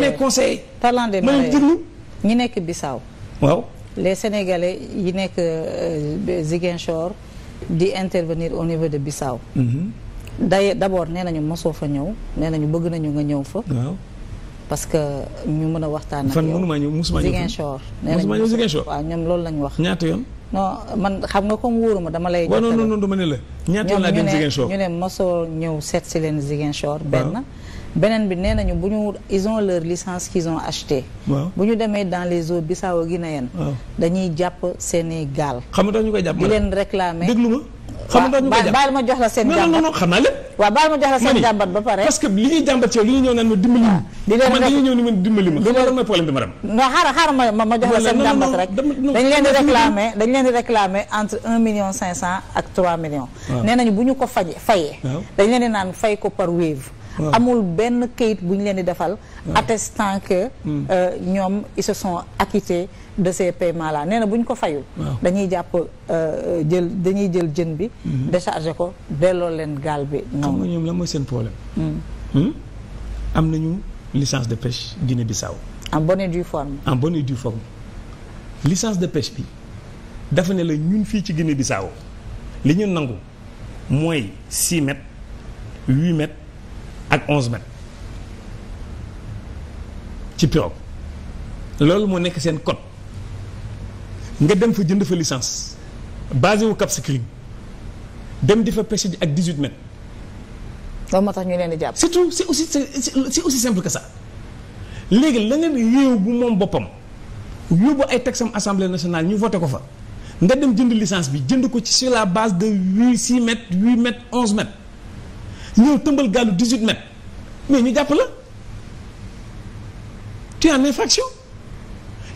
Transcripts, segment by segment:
may conseillé. parlant de marée ñi nekk Bissau. waaw les sénégalais yi nekk euh, Ziguinchor di intervenir au niveau de Bissau. Mhm. day d'abord nee nañu mosoo fa ñëw nee nañu bëgg nañu nga ñëw fa. parce que ñu mën a waxtaan ak yow fan mënuma ñëw mosuma ñëw Ziguinchor. nee nañu Ziguinchor waaw ñoom loolu lañu wax. ñaat yoon. non man xam nga comme wóoruma dama lay. waaw non non dama ne la. ñaata yoon laa dem Ziguinchor ñu ne ñëw seet si leen Ziguinchor benn. beneen bi nee nañu bu ñu ils ont leur licence qu'ils ont acheté bu ñu demee dans les eaux bissau guinéennes dañuy jàpp seeni gaal xam nga ñu koy jàpp di leen réclamer déglu ñu koy jàpp baal ma jox la seen jàmbat non non xam naa lépp waaw baal ba pare parce que li ñuy jàmbat ci yow li ñuy ñëw naan ma dimbali ma ah, di leen man dañuy ñëw ni man dimbali ma xam nga ma jox la seen jàmbat rek dañ leen di réclamer dañ leen di réclamer entre un million cinq cent ak trois millions nee nañu bu ñu ko faje fayee dañ leen di naan fay ko par amul benn kayit bu ñu leen di defal attestant que hmm. euh, ñoom ils se sont de ces paiements là nee na bu ñu ko fayul dañuy jàpp euh, jël dañuy jël jën bi hmm. déchargé ko delloo leen gaal bi xam nga la mooy seen problème hmm. am nañu licence de pêche Guinée-Bissau en bonne et due forme en bonne et licence de pêche bi dafa ne la ñun fii ci Guinée-Bissau li ñu nangu mooy 6 mètres 8 mètres ak onze mètres ci pirogue loolu moo nekk seen code nga dem fa jënd fa licence basé wu Cap Skirring dem di fa pêche ak dix-huit mètres. loolu moo tax ñu leen di jàpp. surtout c'est aussi c'est aussi simple que sax léegi la nga réew bu moom boppam yóbbu ay taxam assemblée nationale ñu voté ko fa nga dem jënd licence bi jënd ko ci sur la base de huit six mètres huit mètres onze mètres. ñëw tëmbal gaalu 18 mètres mais ñu jàpp la tu es en infraction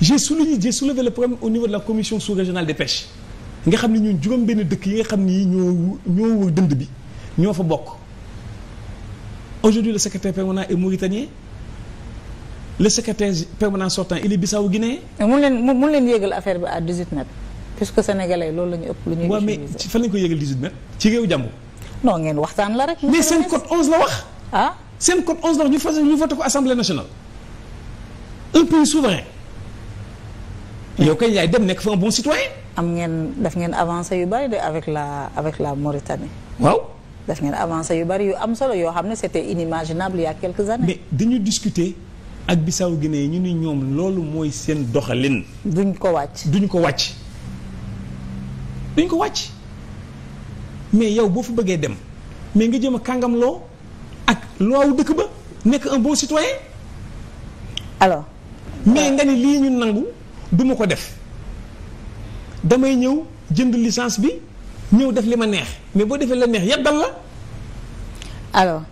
j'ai souligné j'ai soulevé le problème au niveau de la commission sous-régionale des pêches nga xam ne ñun juróom benn dëkk yi nga xam ni ñoo ñoo wër dënd bi ñoo fa bokk aujourd'hui le secrétaire permanent est mauritanien le secrétaire permanent sortant il est Bissau Guinée. mun leen mun leen yëgal affaire bi à 18 mètres puisque sénégalais loolu la ñu ëpp. lu ñuy mais fan la ñu ko yëgal 18 mètres ci réew jàmbur. non ngeen waxtaan la rek. mais seen code 11 la wax. ah seen code 11 la wax ñu fas ñu voté ko assemblée nationale. un pays souverain. yoo kay yaay dem nekk fa un bon citoyen. am ngeen daf ngeen avancé yu bari de avec la avec la Mauritanie. waaw. daf ngeen avancé yu bari yu am solo yoo xam ne c'était inimaginable il y a quelques années. mais dañu discuter ak Bissau Guinée yi ñu ni ñoom loolu mooy seen doxalin. duñ ko wàcc duñ ko wàcc. duñ ko wàcc. mais yow boo fa bëggee dem mais nga jëm a kàngam ak loi wu dëkk ba nekk un bon citoyen alors mais nga ni lii ñu nangu duma ko def damay ñëw jënd licence bi ñëw def li ma neex mais boo defee la neex yàddal la alors